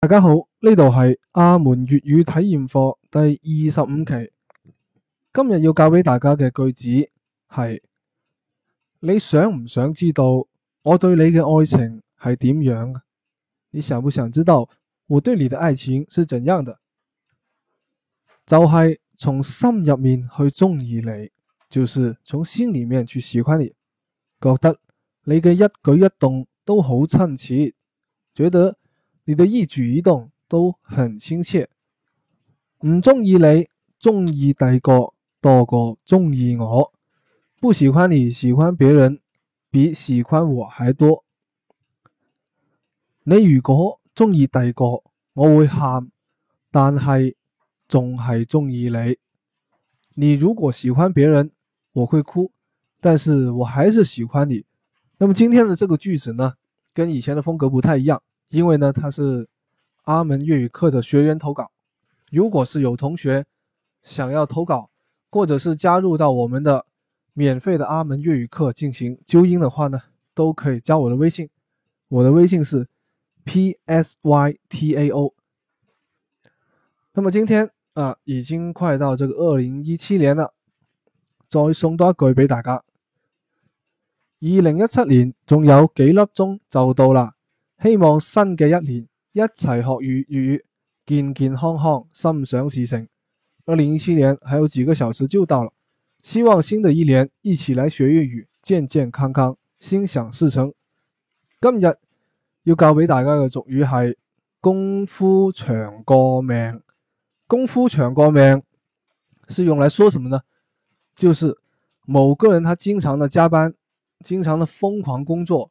大家好，呢度係阿門粵語體驗課第二十五期。今日要教俾大家嘅句子係：你想唔想知道我對你嘅愛情係點樣？你想不想知道我對你的愛情是怎樣的？就係、是、從心入面去鍾意你，就是從心裏面去喜歡你，覺得你嘅一舉一動都好親切，覺得。你的一舉一動都很親切，唔中意你，中意第個多過中意我，不喜歡你喜歡別人，比喜歡我還多。你如果中意第個，我會喊，但係仲係中意你。你如果喜歡別人，我會哭，但是我還是喜歡你。那麼今天的這個句子呢，跟以前的風格不太一樣。因為呢，他是阿門粵語課的學員投稿。如果是有同學想要投稿，或者是加入到我們的免費的阿門粵語課進行糾音的話呢，都可以加我的微信。我的微信是 psytao。那麼今天啊，呃，已經快到這個二零一七年了，再送多一個給，給大家。二零一七年仲有幾粒鐘就到啦。希望新嘅一年，一齊學粵語，健健康康，心想事成。二零一七年還有幾個小時就到了，希望新的一年一起來學粵語，健健康康，心想事成。今日要教俾大家嘅俗語係功夫長過命。功夫長過命是用嚟說什麼呢？就是某個人他經常的加班，經常的瘋狂工作。